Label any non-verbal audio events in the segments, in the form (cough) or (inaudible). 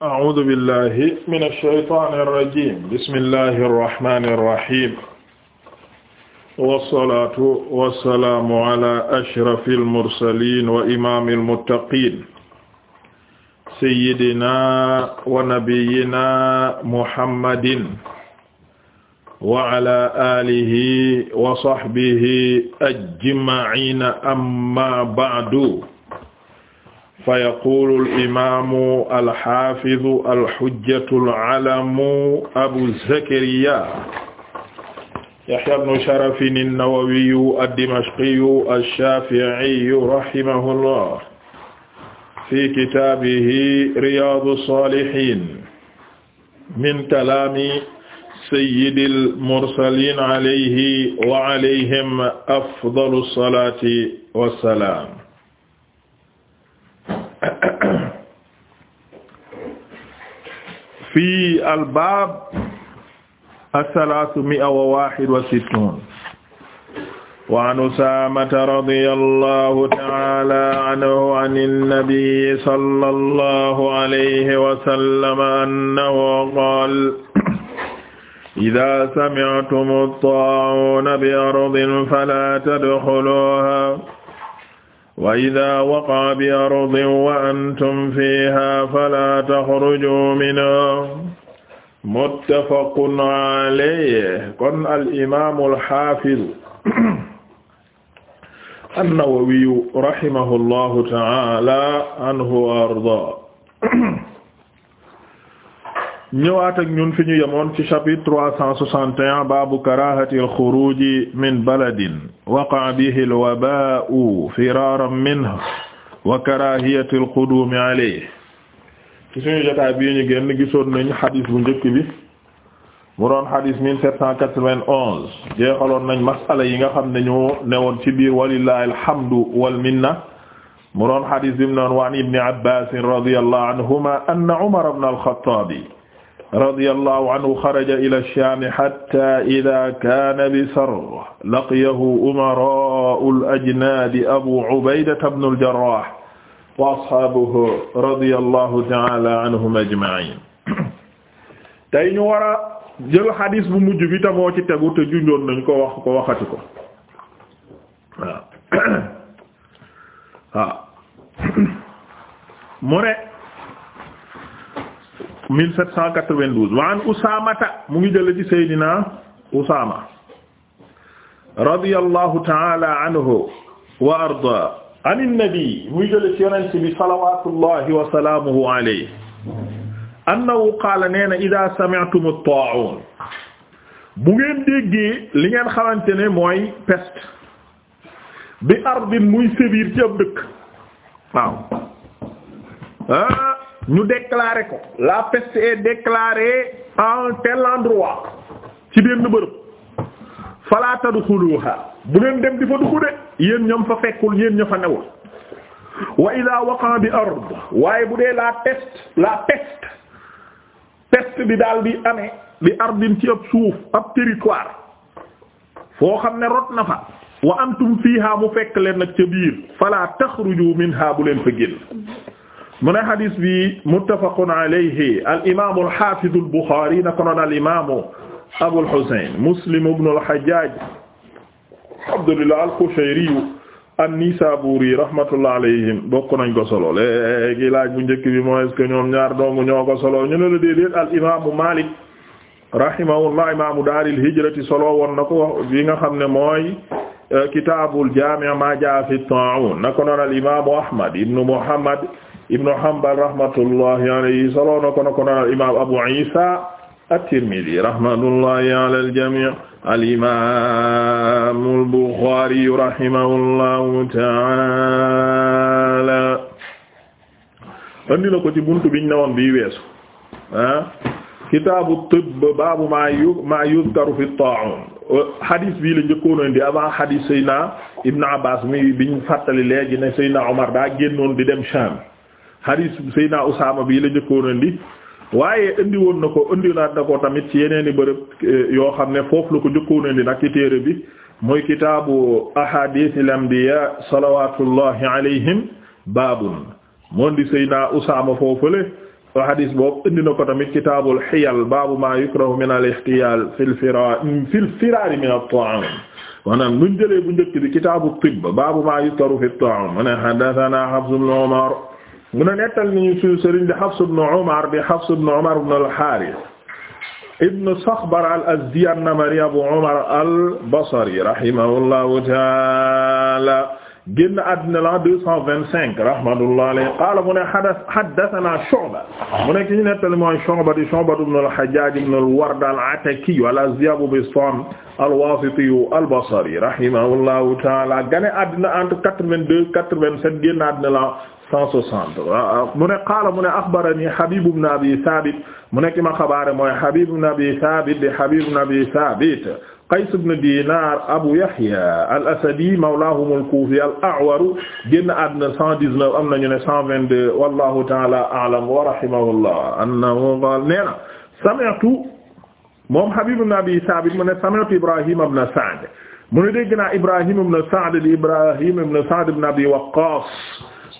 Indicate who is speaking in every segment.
Speaker 1: a'uudu billahi mina shaytaani rajiim bismillahi rahmaani rahiim wasalaatu wasalaamu ala ashrafil mursaliin wa imaamil muttaqiin sayyidina wa nabiyyina muhammadin wa ala aalihi wa sahbihi ajma'iina amma ba'du fa yaqulu al-imaamu al-haafidu al-hujjatu al-alamu abu zakariya yahya ibnu sharafin an-nawawiyu ad-dimashqiyu ash-shaafi'iyu rahimahullah fi kitaabihi riyaadu saalihiin min kalaami sayyidil mursaliin alayhi wa alayhim afdalu salaati wa salaam (coughs) fi albaab asalaasu mi'a wa waahid wa sittuun wa an Usaamata radiyallahu ta'aala anhu ani nabiyyi sallallahu alayhi wa sallam annahu qaala idhaa sami'tum at-taa'uuna bi ardin falaa tadkhuluuhaa wa idaa waqa'a bi ardin wa antum fiihaa falaa taxrujuu minhaa muttafaqun alayhi kon al imaamu al haafiz an-Nawawi rahimahu llaahu ta'aalaa anhu wa ardaa ñëwaat ak ñun fi ñu yemoon ci chapitre trois cent soixante et un baabu karahati alxuruji min baladin waqa'a bihi alwabaa'u firaran minhu wa karahiyati alqudumi alayhi ci suñu jotaay bii ñu génn gisoon nañ xadis bu njëkk bi mu doon xadis mille sept cent quatre-vingt-onze jeexaloon nañ masala yi nga xam ne ñu newoon ci biir walillahi alhamdu wal minna mu doon xadis bi mu noon wa an ibni abbasin radiyallahu anhuma anna al-khattabi radiyallahu anhu xaraja ila Shaam hatta idaa kaana bi Sarra laqiyahu umaraa'ul ajnaad Abu Ubaydata ibnul Jarraah wa ashaabuhu radiyallahu ta'aalaa anhum ajma'iin. tey ñu war a jël xadis bu mujj bi tamoo ci tegu te junjoon nañ ko wax ko waxati ko waaw (coughs) waaw (coughs) mu ne. 1792 wa an Usaamata mu ngi jële ci Seydina Usaama radiyallahu ta'ala anhu wa arda an innabi muy jële ci yonent bi salawatullahi wa salaamuhu alayhi annahu qaala nee na ida sami'tum at-ta'un bu ngeen déggee li ngeen xamante ne mooy peste bi ardin muy sévir ci ab dëkk waaw ah. ñu déclarer ko la peste est déclarée en tel endroit ci benn bërëb fala tadxuluha bu ngeen dem di fa dugg de yéen ñoom fa fekkul yéen ña fa newul wa ida waqa bi ard waaye bu dee la peste la peste peste bi daal di amee bi ardin ci ab suuf ab territoire foo xam ne rot na fa wa antum fiha mu fekk leen nag ca biir fala taxruju minha bu leen fa génn mu ne xadis bi muttafaqun alayhi al imaamu al xaafidu al buxaari na ko noon al imaamu abul xusayn muslim ibnu al xajjaaj abdullah al qushayri an-nisaburi rahmatullah alayhim bokk nañ ko solo léegi laaj bu njëkk bi mooy est-ce que ñoom ñaar dong ñoo ko solo ñu ne la déedéet al imaamu Maalik rahimahullah imaamu daaril hijrati solo woon na ko bi nga xam ne mooy eh, kitaabul jaami' maa jaa'a fi at-taa'uun na ko noon al imaamu Ahmad ibnu Muhammad ibnu Hanbal rahmatullahi alayhi solo na ko na ko na imaam Abu Isa at-Tirmidhi rahmatullahi ala al-jami' al-imam al-Bukhari rahimahullahu ta'ala andi na ko ci buntu biñ newoon bi weesu ah kitaabu tibb baabu maa yu maa yuzkaru fi ta'un hadis bii la njëkkoon indi avant hadis Seydina Ibn Abbas mi biñ fàttali léegi ne Seydina Omar daa génnoon di dem Sham hadis Seydina Usaama bii la njëkkoon indi waaye indi woon na ko indi na ko tamit ci yeneen i bërëb eh, yoo xam ne foofu la ko njëkkoon indi nag ci téere bi muy kitaabu ahadiisil anbiyaa salawaatullahi alayhim baabun moom di Seydina Usaama foofule hadis boobu indi na ko tamit kitaabul xiyal baabu maa yukrahu min al ixtiyaal fil firaar min at-ta'aam maanaam buñ jëlee bu njëkk bi kitaabu tibb baabu maa yukrahu fi at-ta'aam mu ne haddasanaa Hafs ibn Umar mu ne nettal ni ñu sëriñ di Hafs ibn Umar di Hafs ibn Umar ibn al-Harith ibn Sakhbar al-Azdi an-Namari Abu Umar al-Basri rahimahullahu ta'ala génn àddina la 225 rahmatullahi alayhi qaala mu ne haddathana Shu'ba mu ne ki ñu nettal mooy Shu'ba di Shu'ba ibn al-Hajjaj ibn al-Ward al-Ataki al-Azdi Abu Bistam al-Wasiti al-Basri rahimahullahu ta'ala génn àddina entre 82 87 génn àddina la 160 waaw mu ne qaala mu ne axbarani Habib ibn Abi Thabit mu nekk ma xabaare mooy Habib ibn Abi Thabit di Habib ibn Abi Thabit Qays ibn Dinar Abu Yahya al-Asadi mawlahum al-Kufi al-A'war génn àdduna 119 am nañu ne 122 wallahu ta'ala a'lam wa rahimahullah annahu qaala nee na sami'tu moom Habib ibn Abi Thabit mu ne sami'tu Ibrahim ibn Sa'd mu ne dégg naa Ibrahim ibn Sa'd di Ibrahim ibn Sa'd ibn Abi Waqqas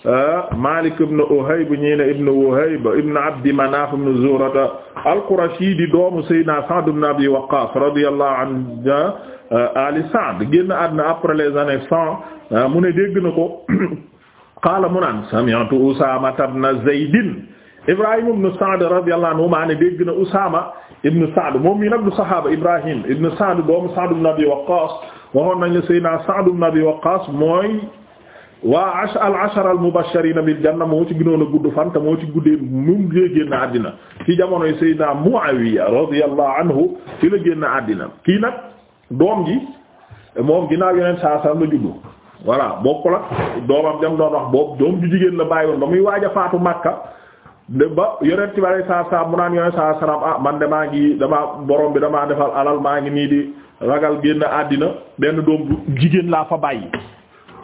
Speaker 1: Euh, Malik ibn Uhayb ñii ne ibn Uhayb ibn Abdi Manaf ibn Zuhrata al-Qurashi di doomu Seydina Sa'd ibn Abi Waqqas radiyallahu anhu euh, Ali Sa'd génn àdduna après les années cent euh, mu ne dégg na ko (coughs) qaala mu naan sami'tu Usaama ibn Zayd Ibrahim ibn Sa'd radiyallahu anhu maa ne dégg na Usaama ibn Sa'd moom mii nag du saxaaba Ibrahim ibn Sa'd doomu Sa'd ibn Abi Waqqas waxoon nañ ne Seydina Sa'd ibn Abi Waqqas mooy waa al ashara al mubashirina bil janna moo ci gënoon a gudd fan te moo ci guddee mu ngi génn àddina ci jamonoy Seydina Muawiya radiyallahu anhu ci la génn àddina kii nag doom ji moom ginnaaw yeneen saa saa la juddu voilà bokk la doomam dem doon wax boobu doom jigéen la bàyyi woon ba muy waaj a faatu Makka de ba yonent bi alayhi salaatu salaam mu naan yonent salaatu salaam ah man de maa ngi dama borom bi damaa defal alal maa ngi nii di ragal génn àddina benn doom jigéen laa fa bàyyi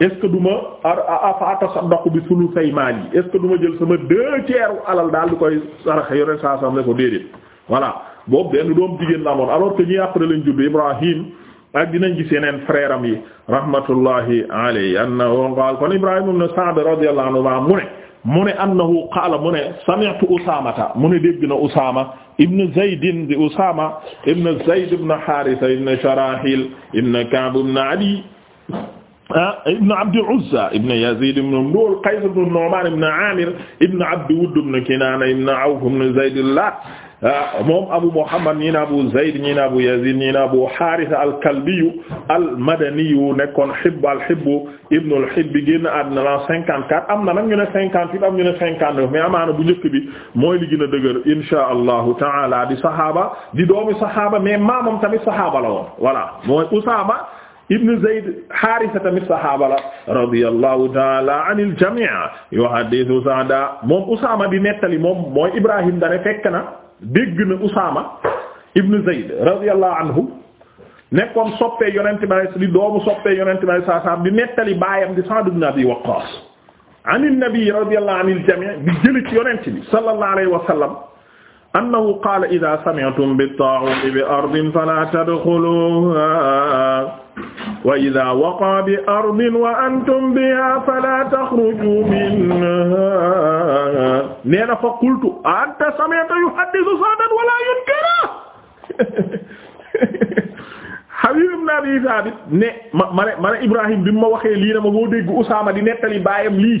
Speaker 1: est-ce que du ma afatasaddaqu bi sulusay maal yi est-ce que du ma jël sama deux tiers alal daal di koy saraxe yore saa sam ne ko déedéet voilà boobu benn doom jigéen la amoon alors que ñi après lañ judd Ibrahim ak dinañ gis yeneen frère am yi rahmatullahi alayhi annahu qaal kon Ibrahim ibn Sa'd radiyallahu anhu ma mu ne mu ne annahu qaala mu ne sami'tu Usaamata mu ne dégg na Usaama ibn Zayd di Usaama ibn Zayd ibn Haaritha ibn Sharahil ibn Ka'b ibn Adi Ah, ibn Abdul Uzza ibn Yazid ibn Imrul Qays ibn Nu'man ibn Amir ibn Abd Wudd ibn Kinana ibn Awf ibn Zayd al-Lat ah, moom Abu Muhammad ñii na Abu Zayd ñii na Abu Yazid ñii na Abu Haritha al-Kalbi al-Madani nekkoon Hibb al-Hibb ibn al-Hibb génn àddina la 54 am na nag ñu ne 58 am ñu ne 59 mais amaana bu njëkk bi mooy li gën a dëgër inshaa Allahu ta'ala di saxaaba di doomi saxaaba mais maamam tamit saxaaba la woon voilà mooy Usaama ibn Zayd Haarisa tamit sahaaba la radiyallahu taala anil jamii yuhaddithu Sa'da moom Usaama di nettali moom mooy Ibrahim dane fekk na dégg na Usaama ibn Zayd radiyallahu anhu nekkoon soppee yonente bi alei di doomu soppee yonente bi alei saa salam di nettali baayam di Sa'd ibn Abi Waqqaas anil nabi radiyallahu anil jamii di jëli ci yonente bi sallallahu alayhi wa sallam annahu qaala idha sami'tum bit-taa'uti bi ardin falaa tadkhuluuhaa wa idha waqa bi ardin wa antum biha fala takhruju minha nee na fa qultu anta sami'ta yuhaddithu sadan wala yunkara Habib ibn Abi Thabit ne ma ne ma ne Ibrahim bi ma waxee lii na ma moo dégg Usaama di nettali baayam lii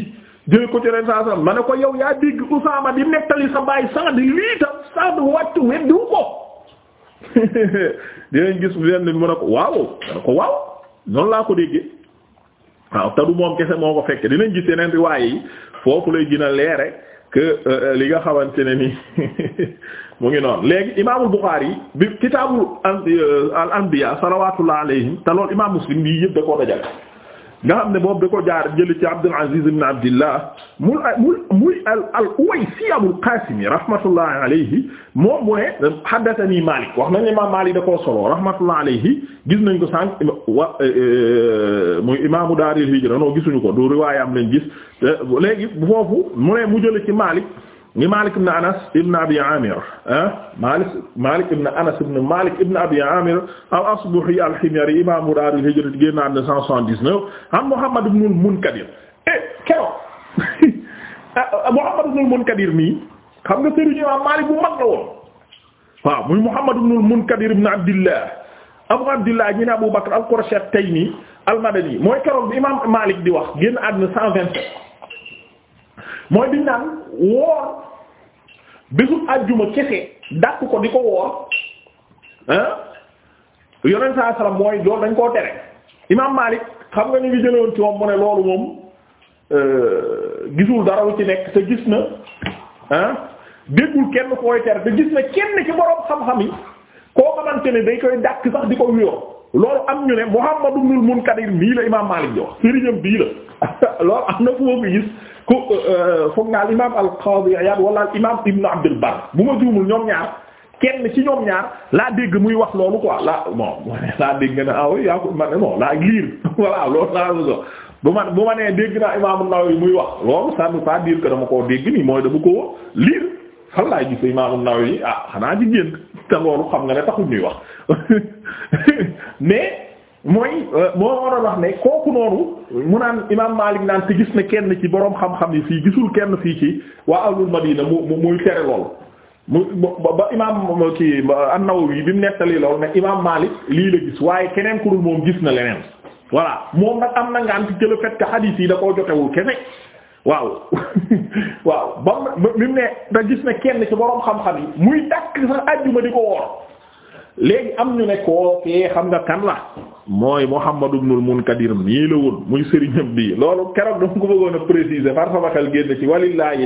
Speaker 1: jël ko ci ren saa ma ko yow yaa dégg Usaama di nettali sa baay Saad lii tam Saad wàccu weddiwu ko (laughs) dinañ gis lenn mu ko waaw mu ko waaw. noonu laa ko déggee waaw te moom kese moo ko fekkee dinañ ji yeneen riwaay yi foofu lay gën a leere que euh, li nga xawante ne ni (laughs) mu ngi noonu léegi imaamul Buxaari yi bi kitaabul euh, al anbiya salawatullah alayhim te loolu imaam Muslim bi yëpp da koo dajale nga xam ne boobu da jaar jëli ci Abdul Aziz ibn Abdillah mu muy al al Uwaysi Abul Qasim rahmatullahi alayhi moom mu ne haddathani wax nañ imam Malik da koo solo rahmatullahi alayhi gis nañ ko sànq wa e, e, muy imaamu daaril hijra noo gisuñu ko du riwaayam lañ gis léegi foofu mu ne mu jëli ci Malik ngi Malik ibn Anas ibn Abi Amir ah Malik Malik ibn Anas ibn Malik ibn Abi Amir al-Asbahi al-Himyari imaamu daar al-hijra génn àddina 179 am Muhammad ibn al-Munkadir eh keroog (laughs) ah, ah, Muhammad ibn al-Munkadir mi xam nga sëriñ imaam Malik bu mag la woon waaw muy Muhammad ibn al-Munkadir ibn Abdillah Abu Abdillah ñu ne Abu Bakr al-Qurashi at-Taymi al-Madani mooy keroog bi imaam Malik di wax génn àddina 127 mooy biñ naan woor bésu àjjuma kese dàq ko di ko woor ah yonent saa salaam mooy loolu dañ koo tere imaam Maalik xam nga ni ngi jëlewoon ci moom mu loolu moom euh, gisul dara lu ci nekk te gis na ah déggul kenn koy tere te gis na kenn ci boroom xam-xam yi koo xamante ne day koy dàq sax di ko wuyoo loolu am ñu ne Muhammad ibnul Munkadir nii la imaam Maalik di wax bii la (laughs) loolu am na fu ma ko gis ku euh, euh, foog naa imaam al-Qaadi Iyaad wala al imaam Ibn Abdul Barr bu ma juumul ñoom ñaar kenn ci ñoom ñaar laa dégg muy wax loolu quoi la bon (laughs) laa dégg ne aw ah oui yaa ko man non laa liir (laughs) voilà loolu laa ko bu ma bu ma nee dégg naa imaam an muy wax loolu ça ne veut pas dama koo dégg nii mooy dama koo liir fan laay gis imaam an-Nawawi ah xanaa ci génn xam nga ne taxul ñuy wax. mais mooy euh, moo waroon wax ne kooku noonu mu naan imaam Maalik naan te gis na kenn ci boroom xam-xam yi fii gisul kenn fii ci waa ahlul Madina mu muy mu ba imaam kii An-Nawawi bi mu nettali lool ne lii gis waaye keneen moom gis na leneen voilà moom am na nga am ci le fait que hadith yi da (laughs) da gis na kenn ci boroom xam-xam yi muy dakk sax àjjuma di ko woor. léegi am ñu ne kookee xam nga kan la mooy Muhammad ibn al-Munkadir nii la woon muy sëriñam bii loolu keroog dama ko bëggoon a préciser par sama xel génn ci walillahi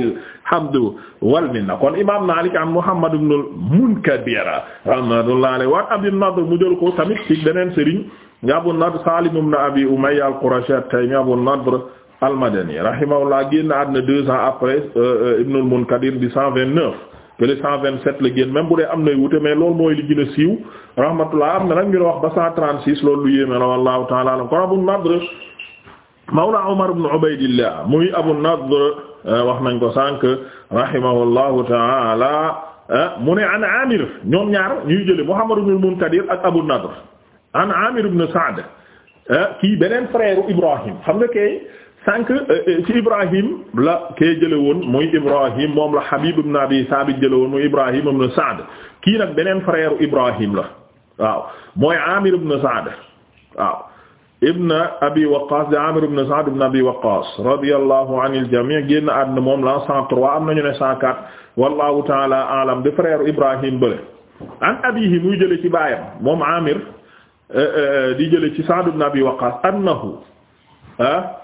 Speaker 1: alhamdu wal minna kon imam Maalik an Muhammad ibn al-Munkadir rahmatullahi alayhi wa Abdun Nadr mu jël ko tamit ci beneen sëriñ nga Abu Nadr Salim ibn Abi Umayya al-Qurashi at-Taymi Abu Nadr al-Madani rahimahullah génn àddina deux ans après euh, euh, Ibn al-Munkadir di cent vingt-neuf kële 127 la génn même bu dee am nay wute mais loolu mooy li gën a siiw rahmatullah am na nag ñu wax ba 136 loolu lu yéeme la wallahu ta'ala alam kon Abu Nadr mawla Umar ibn Ubaydillah muy Abu Nadr euh, wax nañ ko sànq rahimahullahu ta'ala euh, mu ne an Amir ñoom ñaar ñuy jële Muhammad ibn Munkadir ak Abu Nadr an Amir ibn Sa'd euh, kii beneen frère Ibrahim xam nga kay sànq euh, euh, ci Ibrahim la kee jële woon muy Ibrahim moom la Habib ibn Abi Sabit jële woon muy Ibrahim ibn Sa'd kii nag beneen frère Ibrahim la waaw mooy Amir ibn Sa'd waaw ibn Abi Waqqas de Amir ibn Sa'd ibn Abi Waqqas radiyallahu anil jami' àdduna moom la 103 am nañu ne 104 wallahu ta'ala a'lam de frère Ibrahim bële an abihi muy jële ci baayam moom Amir euh, di jële ci Sa'd ibn Abi Waqqas annahu ah,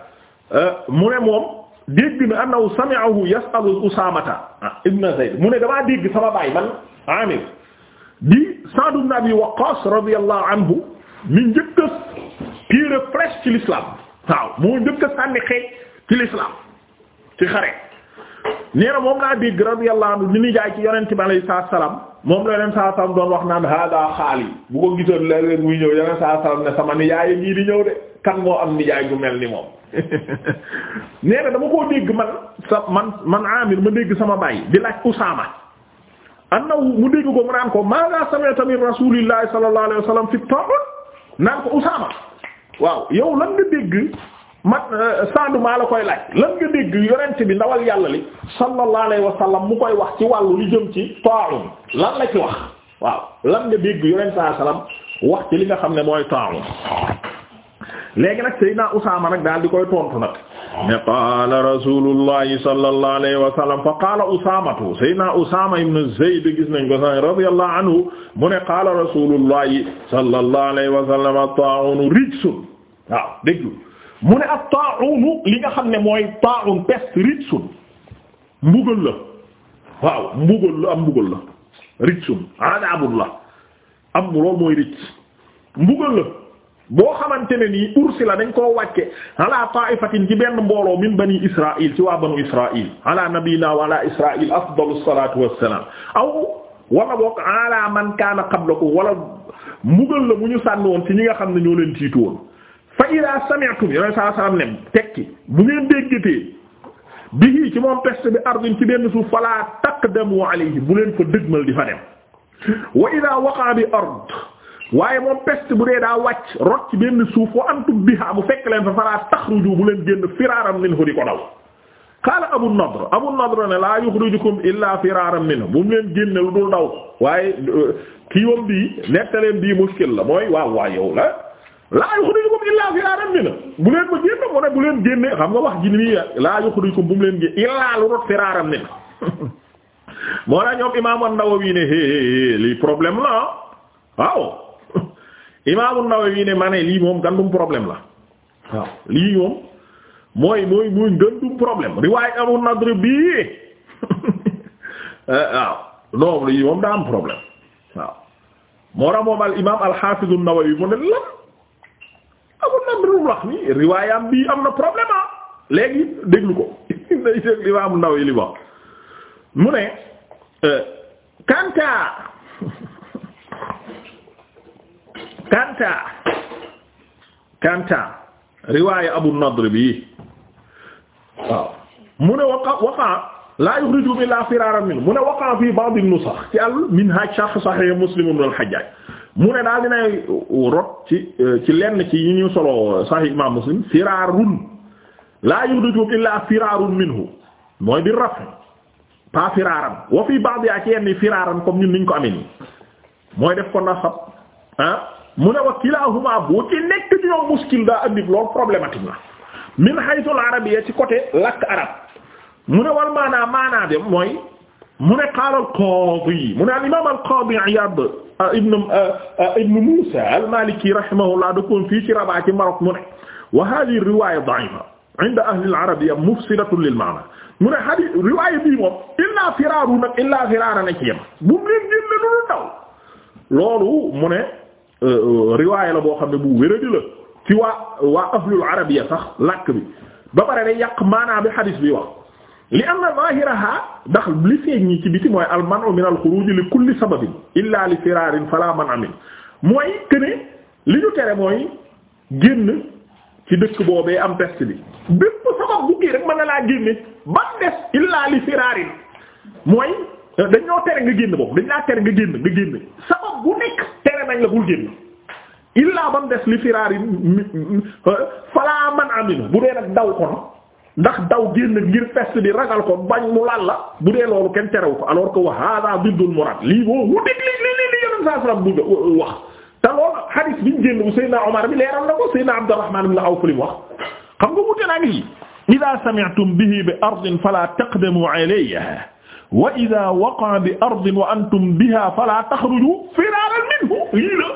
Speaker 1: Euh, mu ne moom dégg na annahu sami'ahu yas'alu Usaamata ah, ibn Zayd mu ne damaa dégg sama baay man Aamir di Sa'd ibn Abi Waqqaas radiyallahu anhu mi njëkk a tirer flèche ci l'islam waaw moo njëkk a sànni xeej ci l'islam ci xare nee na moom laa dégg radiyallahu anhu ni muy jaay ci yonent bi alayhi salaatu wa salaam moom la yeneen saa salaam doon wax naan hada xaali bu ko gisoon léeg-léeg muy ñëw yeneen saa salaam ne sama nijaay yi ngi di ñëw de. kan moo am nijaay gu mel ni moom (laughs) nee na dama koo dégg man sa man man amir ma dégg sama baay di laaj Usaama annahu mu dégg ko mu naan ko maa nga sami'ta min rasulillahi sallallahu alayhi wasallam fi ta'un naan ko Usaama waaw yow lan nga dégg man euh, maa la koy laaj lan nga dégg yonent bi ndawal yàlla li sallallahu alayhi wasallam mu koy wax ci wàllu li jëm ci ta'un lan la ci wax waaw lan nga dégg yonent saa salaam wax ci li nga xam ne mooy ta'un léegi nag Seydina Usaama nag daal di koy tontu nag ne qaala rasulullahi sallallahu alayhi wa sallam fa qaala Usaamatu Seydina gis nañ ko sax radiyallahu mu ne qaala rasulullahi sallallahu xam ne mooy taa'uun peste rijsun mbugal la waaw mbugal la am mbugal la rijsun adaabul boo xamante ne nii ursila dañ koo wàcce ala ta'ifatin ci benn mbooloo min bani israil ci waa banu israil ala nabiyina wa ala israil afdalu salatu wassalam aw ko boog ala man kaana qablakum wala mugal la mu ñu sànni woon ci ñi nga xam ne ñoo leen tiitu woon fa ida sami'tum yoneen saa sallam ne tekki bu ngeen déggatee bihi ci moom peste bi ardin ci benn suuf fala taqdamu alayhi bu leen fa dëgmal di fa dem wa ida waqa bi ard waaye moom peste bu dee daa wàcc rot ci benn suuf wa antum biha bu fekk leen fa falaa taxruju bu leen génn firaaran minhu di ko daw qaala Abu Nadr Abu Nadr ne laa yuxrijukum illaa firaaran minhu bu leen génne lu dul daw waaye euh, kii wam bii nettaleen bii muskil la mooy waaw laa yuxrijukum illaa bu leen ma génne mu ne bu leen génne xam nga wax ji nii laa yuxrijukum bu mu leen génne illaa lu rot firaaran minhu (laughs) moo la ñoom imaam An-Nawawi ne hee hee lii problème la ah. waaw imaamu Nawawi ne ma lii moom gandum problème la waaw lii moom mooy mooy mooy gandum problème riwaay Abu Nadr bii (laughs) eh, waaw non lii moom daa am problème waaw moo tax al imaam al-Hafiz an-Nawawi mu ne lan Abu Nadr mu wax nii riwaayam bii am na problème ah léegi déglu ko (laughs) day dégg imaamu Nawawi li wax mu ne eh, kanta (laughs) kanta kanta riwaaya abu nadr bi waaw la yuxriju illa firaaran minhu mu ne fi ba'd an ci al-minhaj sharh sahih muslim ibn al-hajjaj mu ne daal dinay rot ci ci ci yi ñu solo sahih imam muslim firaarun la yuxriju illa firaarun minhu mooy bi raf pas firaaran wa fi ba'd ya ci firaaran comme ñun niñ mooy def ko nasab ah, mu ne wa kilahuma bu ci nekk ci ñoom muskil daa andi loolu problématique la min haythu al-arabiyya ci côté làkk arab mu ne wal maanaa maanaa de mooy mu ne qaala al-qaadi mu ne al-imaam al-qaadi Iyaad ah, ibn ah, ah, ibn Muusaa al-Maaliki rahimahullah dëkkoon fii ci Rabat ci Maroc mu ne wa haadhihi riwaaya da'iifa inda ahli al-arabiyya mufsidatun lil-ma'naa mu ne hadi riwaaya bii moom illaa firaaru nag illaa firaara na ci yem bu mu leen génne lu daw loolu mu ne Euh, riwaay la boo xam ne bu wéradi la ci waa waa ahlul arabiya sax làkk bi ba pare day yàq maanaa bi xadis bi wax li anna zahiraha ndax li feeñ ñi ci biti mooy al min al li kulli sababin illa li firaarin fala man'a min mooy këne li ñu tere mooy génn ci dëkk boobee am peste bi bépp sabab bu kii rek mën na laa génne ba des illa li firaarin mooy dañ ñoo tere nga génn boobu dañ laa tere nga génn nga génn sabab bu nekk nañ la bul génn illaa ba mu li firaar yi man aminu bu dee nag daw ko ndax daw génn ngir peste bi ragal ko bañ mu laal la bu dee loolu kenn terew ko alors que wa hada diddul murad lii boo wutit li li li yonen saa sallam bu wax te loolu hadith biñ génn bu Seydina Omar bi leeral na ko Seydina Abdurrahman ibn Awf li wax xam nga wute naa ngi ida sami'tum bihi bi ardin fala taqdamu alayha wa idha waqa'a bi ardin wa antum biha fala taxruju firaaran minhu lii la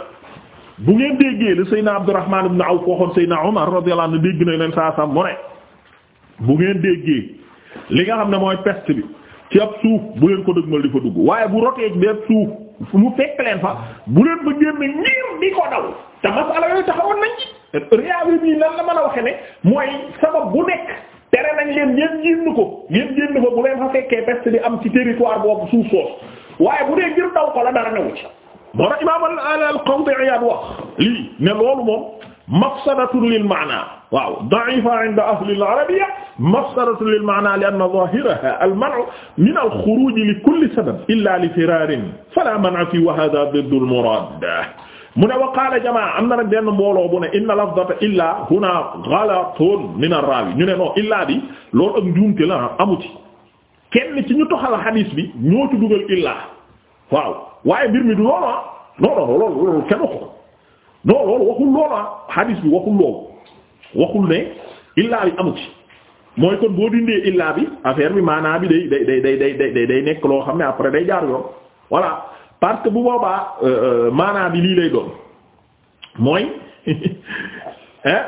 Speaker 1: bu ngeen déggee la Seydina Abdurrahman ibn Awf waxoon Seydina Umar radiyallahu anhu dégg na saa saa mu ne bu ngeen déggee li nga xam ne mooy peste bi ci ab suuf bu leen ko dëgmal di fa dugg waaye bu rotee bi ab suuf mu fekk leen fa bu leen ba génn ngir ko daw te masala yooyu taxawoon nañ ci réew mi la mën a waxe ne mooy sabab bu nekk tere nañ leen ngeen génn ko ngeen génn ko bu leen fa fekkee peste di am ci territoire boobu suuf soosu waaye bu dee ngir daw ko la dara newu ci moo tax imaam al-Qadi Iyaad wax lii ne loolu moom mafsadatun lil maana waaw da'ifa 'inda ahli al-arabiyya mafsadatun lil maana li anna zaahiraha al-man'u min al-khuruj li kulli sabab illa li firaarin fala man'a fi wa hadha diddu al-muraad mu ne wa qaala jamaa am na nag benn mbooloo bu ne inna lafdata illaa huna ghalatun min ar ñu ne non illaa bi loolu ak njuumte la amu kenn ci ñu toxal xadiis bi ñoo ci dugal illaa waaw waaye mbir mi du loolu ah non loolu loolu kenn waxul loolu ah. bi waxul ne illaa bi amu ci mooy kon boo dindee illaa bi affaire bi maanaa bi day day day day nekk loo xam ne après day jaar yoon voilà. parce que bu boobaa euh, euh, maanaa bi lii lay doon mooy (laughs) euh,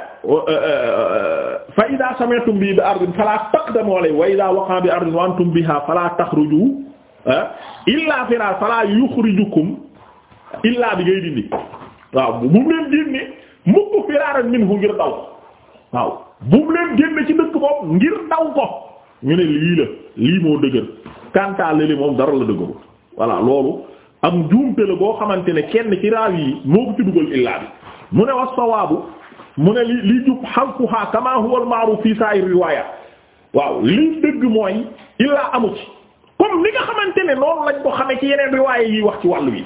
Speaker 1: fa ida sami'tum bi bi ardin fala taqdamu alayhi wa ida waqa'a bi ardin wa antum biha fala takhruju illa firar fala yukhrijukum illa bi ngay dindi waaw bu mu leen génne mukk firaaran minhu ngir daw waaw bu mu leen génne ci dëkk boobu ngir daw ko ñu ne lii la lii moo dëgër kantaa lële moom dara la dëgëru voilà loolu am njuumte la boo xamante ne kenn ci yi moo ko ci dugal illaa bi mu ne was sawaabu mu ne li li jub halfuha kama huwa al ma'ruf fi sa'ir riwaya waaw li dëgg mooy illaa amu ci comme li nga xamante ne noonu lañ ko xamee ci yeneen riwaaye yi wax ci wàllu wi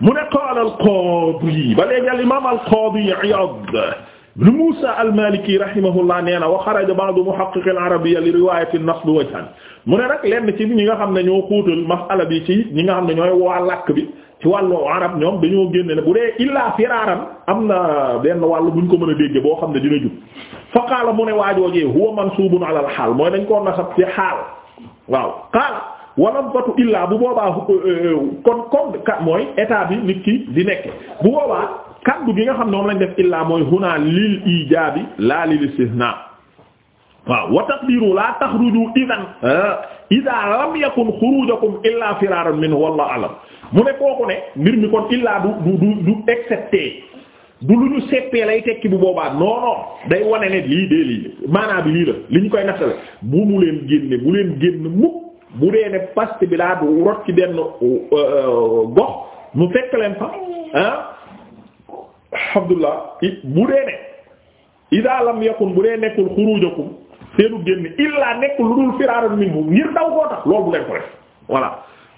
Speaker 1: mu ne qaala al qaadi ba léegi al imaam al qaadi Iyaad ibn Muusaa al Maaliki rahimahullah nee na wa xaraja ba'du muhaqqiq al arabiyya li riwaayati an-nasb wajhan mu ne rek lenn ci ñi nga xam ne ñoo xóotal masala bi ci ñi nga xam ne ñooy waa làkk bi ci wàllu arab ñoom dañoo génne ne bu dee illaa firaaran am na benn wàll buñ ko mën a dégge boo xam ne dina jub fa qaala mu ne waajoojee huwa mansuubun ala al xaal mooy dañ koo nasab ci xaal waaw qaala walam fatu illaa bu boobaa euh, euh, kon kon mooy état bi nit ki di nekk bu boobaa kaddu gi nga xam ne moom lañ def illaa mooy huna lil ijaabi laa lil istithna waaw wa taqdiru la taxruju idan ida lam yakun xurujakum illa firaran minhu wallahu alam mu ne kooku ne mbir mi kon illa du du du excepté du lu ñu seppee lay tekki bu boobaa non day wane ne lii dee lii maanaa bi lii la li ñu koy nattale bu mu leen génne bu leen génn mukk bu dee ne past bi daa du rot ci benn euh, euh, gox mu fekk leen fa ah alhamdulillah bu dee ne ida lam yakun bu dee nekkul xurujakum seenu génn illaa nekk lu dul firaaran minhu ngir daw koo tax loolu bu leen ko def voilà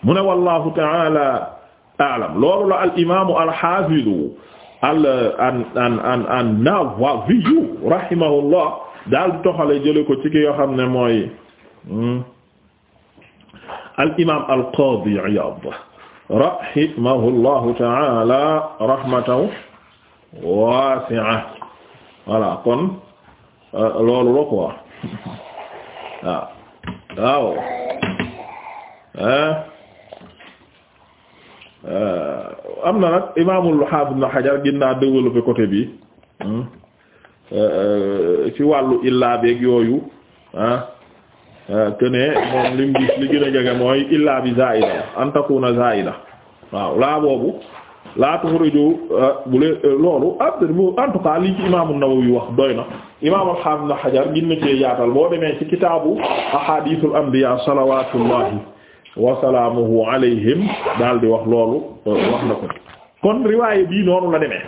Speaker 1: mu ne wallahu taala aalam loolu la al imaamu al xaafidu al an an an an Nawawi rahimahullah daal di toxale jële ko ci ki yoo xam ne mooy hmm, al imaam al qaadi Iyaad rahimahullahu taala rahmatan waasi'a voilà kon euh, loolu la quoi Ah. waaw waaw ah. ah. am na nag imaamul xaafis na xajar ginnaa développé côté bi hmm? euh, ci wàllu illaa beeg yooyu ah que moom lim gis li gën a jege mooy illaa bi zaida la an zaida waaw laa boobu laa tuxuriju bu lee loolu en tout cas li ci imaamu Nawawi wax doy na imaam alxaam na xajar gin na yaatal boo demee ci kitaabu ahadithul anbiya salawatullahi wasalaamuhu alayhim daal di wax loolu wax na ko kon riwaayé bii noonu la demee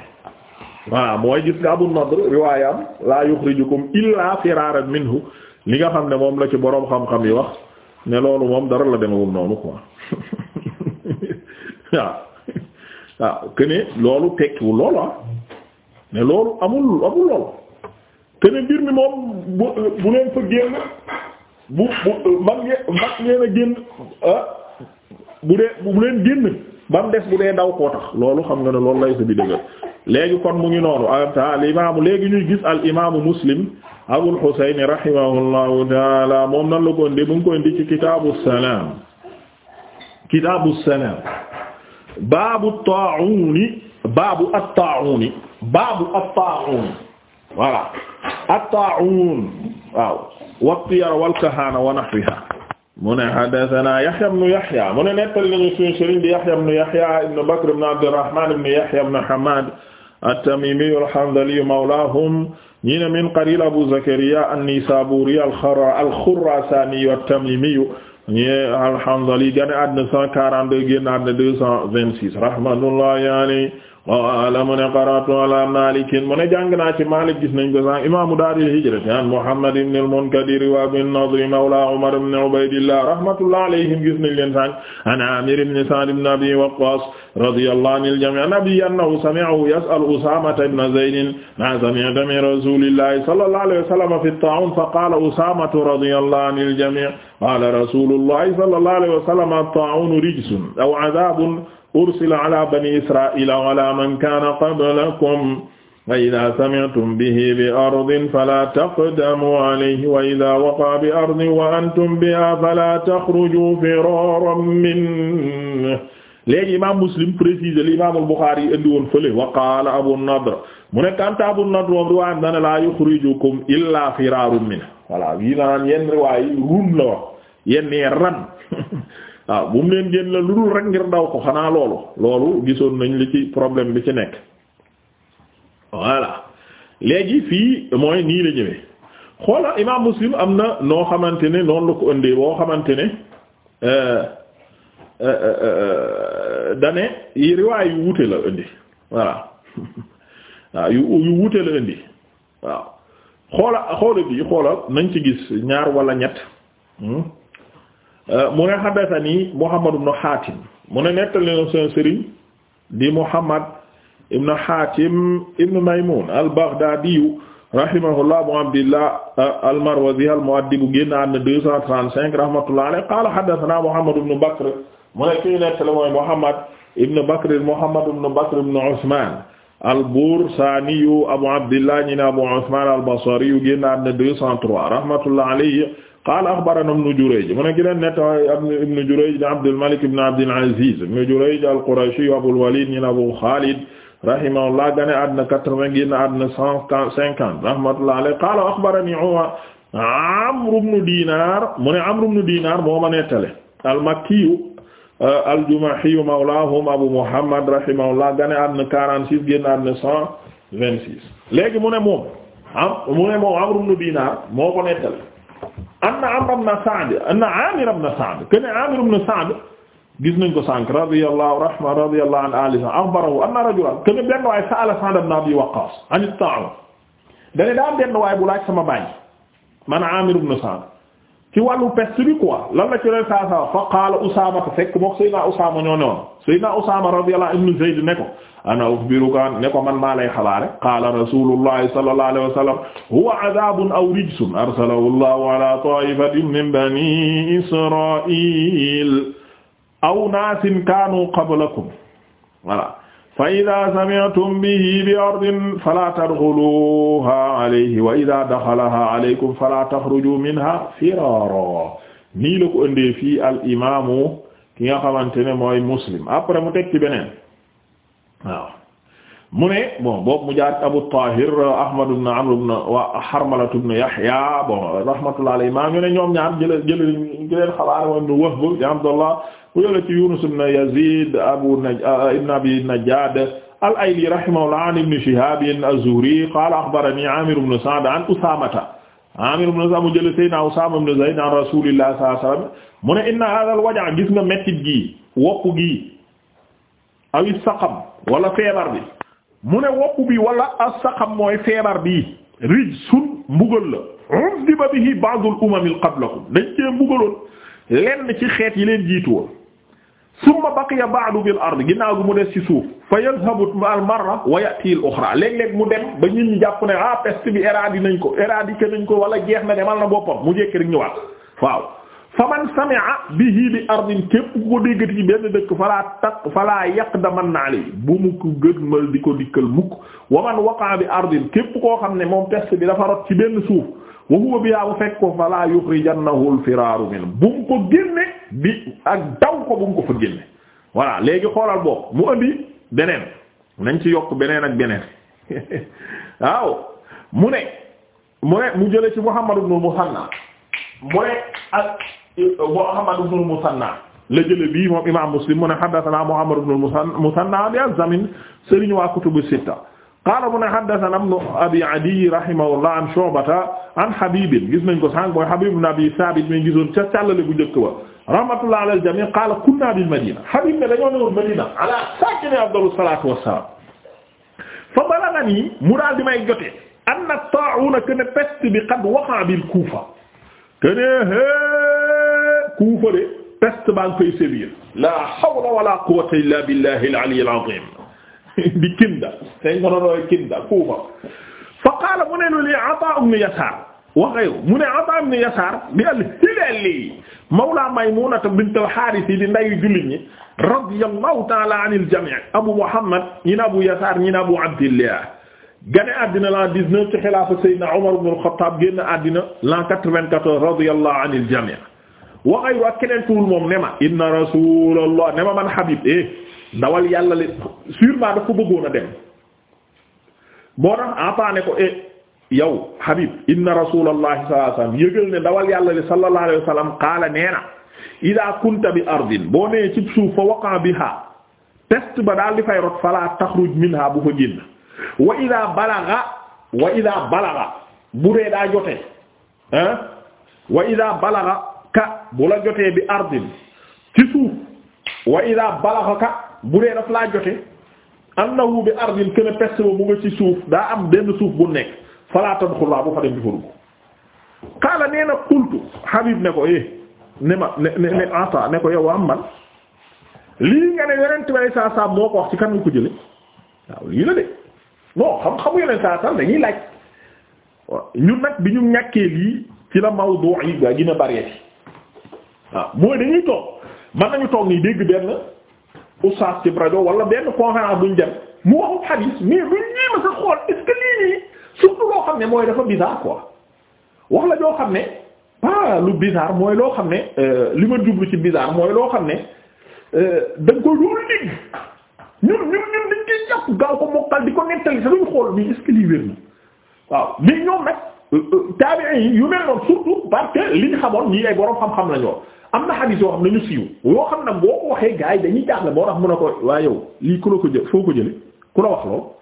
Speaker 1: voilà mooy gis nga Abu Nadr riwaayé laa yuxrijukum illaa firaaran minhu li nga xam ne moom la ci boroom xam-xam yi wax ne loolu moom dara la demewul noonu quoi (laughs) waaw waaw loolu tekkiwul loolu ah ne loolu amul amul loolu te ne mbir moom bu bu leen fa bu bu mag ngeen mag ngeen ah, mu des bu dee daw koo loolu xam nga ne loolu lay bi dëggal léegi kon mu ngi noonu al imaamu léegi ñuy gis al imaamu muslim abul xuseyn rahimahullahu la ko indi mu ngi baabu at-taa'uuni baabu at-taa'uuni voilà at-ta'un waaw wat-tiyar wal-kahana wa nahwiha mu ne haddathana Yahya ibn Yahya mu ne nettali nañu suñu sëriñ di Yahya ibn Yahya ibn Bakr ibn Abdurrahman ibn Yahya ibn Hammad at-Tamimi al-Hanzali mawlahum ñi ne min Qaril Abu Zakariya an-Nisaburi al-Khurasani at-Tamimi ñi al-Hanzali gane àddina 142 génn àddina 226 rahmatullah yaani qaala mu ne qara'tu ala malikin mu ne jàng naa ci Maalik gis nañ ko san imamu daaril hijrati an Muhammad ibn al-Munkadir wa bin Nadr mawla Umar ibn Ubaydillah rahmatullah alayhim gis nañ leen sànq an Aamir ibn Sa'd ibn Abi Waqqas radiyallahu anil jamii' an abiihi annahu sami'ahu yas'alu Usaamata ibn Zayd ma sami'ta min rasuulillahi sallallahu alayhi wa sallam fi at-taa'uun fa qaala Usaamatu radiyallahu anil jamii' qaala rasuulullahi sallallahu alayhi wa sallam at-taa'uunu rijsun aw 'adaabun ursila ala bani israila wala man kaana qablakum wa ida sami'tum bihi bi ardin fala taqdamu alayhi wa ida waqa'a bi ardin wa antum biha fala taxruju firaran minhu léegi imam Muslim précise li imam al-Bukhari yi indi woon fële wa qaala Abu Nadr mu ne kanta Abu Nadr moom riwaayam dana laa yuxrijukum illaa firaarun minhu voilà yii na naan yenn riwaay run la wax yenn ran (laughs) waaw bu mu leen génn la lu dul rek ngir daw ko xanaa loolu loolu gisoon nañu li ci problème bi ci nekk voilà léegi fii mooy nii la ñëwee xoola imaam muslim am na noo xamante ne noonu la ko ëndee woo xamante ne euh, euh, euh, dane riwaay yu wute la indi voilà (laughs) waaw yu yu wute la indi waaw xoola xoola bi xoola nañ ci gis ñaar walla ñett hmm? Euh, mu ne haddathani Muhammad ibn Hatim mu ne nettali na seen sëriñ di Muhammad ibn Hatim ibn Maymun al-Baghdadi rahimahullah Abu Abdillah euh, al-Marwazi al-Mu'addib bu génn àdduna 235 rahmatullah alayhi qala haddathana Muhammad ibn Bakr mu ne kii nettali mooy Muhammad ibn Bakr Muhammad ibn Bakr ibn Usman al-Bursani Abu Abdillah ñi ne Abu Usman al-Basri génn àdduna 203 rahmatullah alayhi qaala axbarana ibnu Jurayj mu ne ki leen nettali ibnu Jurayj di Abdul Malik ibn Abdul Aziz ibnu Jurayj al-Qurashi Abul Walid ñi Abu Xaalid rahimahullah gane àddina quatre-vingts génn àddina cent cinquante rahmatullah alayhi qaala axbarani Amru ibnu Diinaar mu ne Amru ibnu Diinaar moo ma nettali al-Makkiyu euh, al-Jumahiyu mawlaahum Abu Muhammad rahimahullah gane àddina quarante-six génn àddina cent vingt-six léegi mu ne moom am mu ne moom Amru ibnu Diinaar moo ko nettali anna Amr ibn Sa'd anna Amir ibn Sa'd kaana Amir ibn Sa'd gis nañ ko sànq radiyallahu rahma radiyallahu an ali akhbarahu anna rajulan kaana benn waay sa'ala Sa'd ibn Abi Waqqas an at-ta'un dane daa benn waay bu laaj sama baay man Amir ibn Sa'd ci wàllu peste bi quoi lan la ci leen saa saa fa qaala Usaama te fekk moom Seydina Usaama ñoo ne woon Seydina Usaama radiyallahu anhu Zayd ne ko ana ukhbiruka ne ko man maa lay xabaare qaala rasuulullahi sallallahu alayhi wa sallam huwa adaabun aw rijsun arsalahu Allahu ala taa'ifatin min bani Israa'iil aw naasin kaanu qablakum voilà fa ida sami'tum bihi bi ardin fala tadxuluha alayhi wa ida daxalaha alaykum fala taxruju minha firara nii la ko ëndee fii al imaamu ki nga xamante ne mooy muslim après mu teg ci beneen waaw mu ne bon boobu mu jaar Abu Tahir Ahmad ibn Amr ibn wa Harmala ibn Yahya bon rahmatullahi alayhi maa ngi ne ñoom ñaar jëlee jëlee leen xabaar woon nu Wahb Abdullah ku yole ci Yunus ibn Yazid abu ah, ah, ibn abi Najjad al-Ayli rahimahullah an ibn Shihab az-Zuhri qala akhbarani Amir ibn Sa'd an Usamata Amir ibn Sa'd mu jële Seydina Usama ibn Zayd an Rasulillah sallallahu alayhi wasallam mu ne inna hadha al-waj'a gis nga mettit gi wopp gi awi saqam wala feebar bi mu ne wopp bi wala as-saqam mooy feebar bi rijsun mbugal la udiba bihi ba'd al-umam qablakum dañ cee mbugaloon lenn ci xeet yi leen jiitu woon summa baqiya ba'du bil ard ginnaaw gi mu des ci suuf fa yadhabu al marra wa ya'ti al ukhra léeg-léeg mu dem ba ñun jàpp ne ah peste bi éradi nañ ko éradiqué nañ ko wala jeex na demal na boppam mu jékki rek ñëwaat waaw fa man sami'a bihi bi ardin képp ku ko déggati ci benn dëkk falaa taq falaa yaqdamanna alayhi bu mu ko gënmal di ko dikkal mukk wa man waqa'a bi ardin képp koo xam ne moom peste bi dafa rot ci benn suuf wa huwa biha bu fekk ko falaa yukhrijannahu al firaaru min bu mu ko génne bi ak daw ko bu mu ko fa génne voilà léegi xoolal boobu mu andi beneen nañ ci yokk beneen ak beneen (laughs) waaw mu ne mu ne mu jële ci Muhammad ibn Musanna mu ne ak euh, Muhammad ibn Musanna la jële bii moom imam Muslim mu ne haddathana Muhammad ibn Musanna bi al-Zamin sëriñ waa kutubu sitta qaala mu ne haddathana ibn Abi Adi rahimahullah an Shu'bata an Habib gis nañ ko sànq mooy Habib ibn Abi Thabit mi gisoon ca càllale bu njëkk ba rahmatullahi ala al-jami' qaala kunna bil madina Habib ne dañoo newoon madina ala sakini afdalu salatu wassalam fa balaghani mu daal di may jotee anna ta'una kana peste bi qad waqa bil kuufa kana kuufa de peste baa ngi koy sévir la hawla wala quwwata illa billahi al-ali al-azim bi Kinda tey nga doon Kinda kuufa fa qaala mu ne li Ata ibn Yasar waxeeru mu ne Ata ibn Yasaar bi al-Hilaali mawla Maymuna bint al-Haaris di ndeyu jullit ñi radiyallahu ta'ala anil jamii Abu Muhammad ñi ne Abu Yasaar ñi ne Abu Abdillah gane àddina l'an 19 ci xilaafa Seydina Umar ibn al-Khattab génn àddina l'an 94 radiyallahu anil jamii waxeeru ak keneen tuul moom ne ma inna rasulallah ne ma man Habib eh dawal yàlla le sûrement dafa bëggoon a dem boo Ata ne ko eh yow Habib inna rasulallahi sallallahu alayhi wasallam yëgal ne dawal yàlla li sallallahu alayhi wasallam qaala nee na ida kunta bi ardin boo nee ci suuf fa waqa biha test ba daal di fay rot fala taxruj minha bu fa génn wa ida balaga wa ida balaga bu dee daa jotee ah wa ida balaga ka bu la jotee bi ardin ci suuf wa ida balaga ka bu dee daf laa jote annahu bi ardin kene pest ba mu nga ci suuf daa am benn suuf bu nekk falaa tadxulaa bu fa dem di fa dugg qaala nee na Habib ne ko eh ne ma ne ne ne ata ne ko yow am lii nga ne yonent bi saa saa moo ko wax ci kan nga ko jële waaw lii la de non xam-xamu yonent saa saa dañuy laaj ñun nag bi ñu ñàkkee lii ci la mawdu yi gaa gën a waaw mooy dañuy toog mën nañu toog nii dégg benn oustaz ci rajo wala benn conférence buñ dem mu waxu xadiis mais buñ ñëwee sa xool est lii nii surtout loo xam ne mooy dafa bizarre ko wax la joo xam ne ah lu bizarre mooy loo xam ne euh, li ma jublu ci bizarre mooy loo xam ne euh, da nga koy doon dégg ñun ñun dañ koy jàpp gaaw ko mokkal di ko nettali sa duñ xool nii est-ce que waaw mais ñoom nag euh, taabi'i yi yu mel noonu surtout parce que li ñu xamoon ñii ay borom xam-xam la am na xadiis yoo xam ne ñu siiw yoo xam ne boo ko waxee gars yi dañuy jaaxle boo tax mun a ko waa yow lii ku la ko jël foo ko jëlee ku la wax lool.